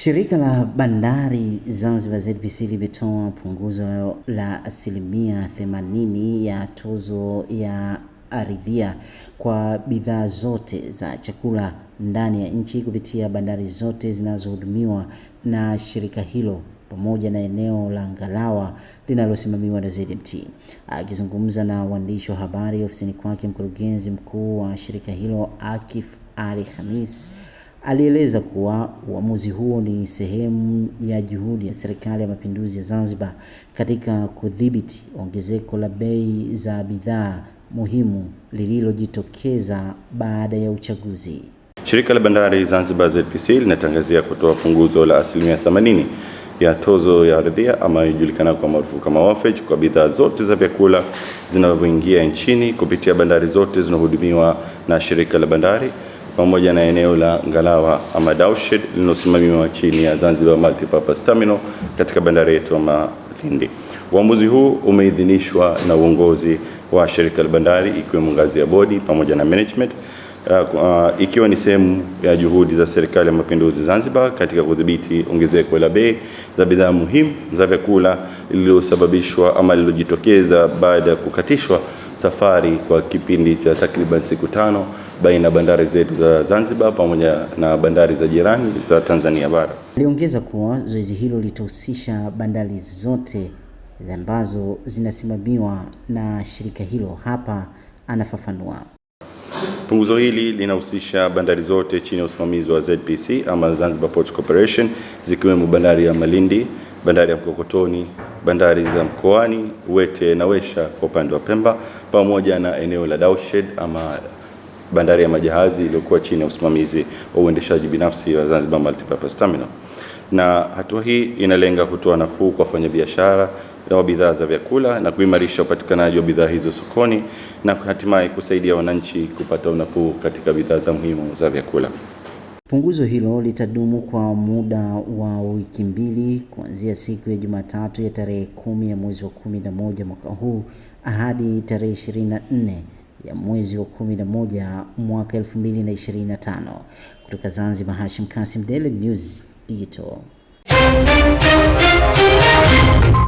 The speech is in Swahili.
Shirika la bandari Zanzibar ZPC limetoa punguzo la asilimia 80 ya tozo ya aridhia kwa bidhaa zote za chakula ndani ya nchi kupitia bandari zote zinazohudumiwa na shirika hilo pamoja na eneo la Ngalawa linalosimamiwa na ZMT. Akizungumza na waandishi wa habari ofisini kwake, mkurugenzi mkuu wa shirika hilo Akif Ali Khamis Alieleza kuwa uamuzi huo ni sehemu ya juhudi ya Serikali ya Mapinduzi ya Zanzibar katika kudhibiti ongezeko la bei za bidhaa muhimu lililojitokeza baada ya uchaguzi. Shirika la Bandari Zanzibar ZPC linatangazia kutoa punguzo la asilimia 80 ya tozo ya ardhia ama inayojulikana kwa maarufu kama wafage kwa bidhaa zote za vyakula zinavyoingia nchini kupitia bandari zote zinahudumiwa na shirika la bandari pamoja na eneo la Ngalawa ama Dawshed lililosimamiwa chini ya Zanzibar Multipurpose Terminal katika bandari yetu ya Malindi. Uamuzi huu umeidhinishwa na uongozi wa shirika la bandari ikiwemo ngazi ya bodi pamoja na management uh, uh, ikiwa ni sehemu ya juhudi za serikali ya mapinduzi Zanzibar katika kudhibiti ongezeko la bei za bidhaa muhimu za vyakula lililosababishwa ama lililojitokeza baada ya kukatishwa safari kwa kipindi cha takriban siku tano baina ya bandari zetu za Zanzibar pamoja na bandari za jirani za Tanzania bara. Aliongeza kuwa zoezi hilo litahusisha bandari zote ambazo zinasimamiwa na shirika hilo. Hapa anafafanua. Punguzo hili linahusisha bandari zote chini ya usimamizi wa ZPC ama Zanzibar Ports Corporation zikiwemo bandari ya Malindi, bandari ya Mkokotoni, bandari za Mkoani, Wete na Wesha kwa upande wa Pemba pamoja na eneo la Dawshed ama bandari ya majahazi iliyokuwa chini ya usimamizi wa uendeshaji binafsi wa Zanzibar Multipurpose Terminal. Na hatua hii inalenga kutoa nafuu kwa wafanyabiashara wa bidhaa za vyakula na kuimarisha upatikanaji wa bidhaa hizo sokoni na hatimaye kusaidia wananchi kupata unafuu katika bidhaa za muhimu za vyakula. Punguzo hilo litadumu kwa muda wa wiki mbili kuanzia siku ya Jumatatu ya tarehe kumi ya mwezi wa kumi na moja mwaka huu hadi tarehe ishirini na nne ya mwezi wa kumi na moja mwaka elfu mbili na na tano Kutoka Zanzibar, Hashim Kasim, Daily News Digital.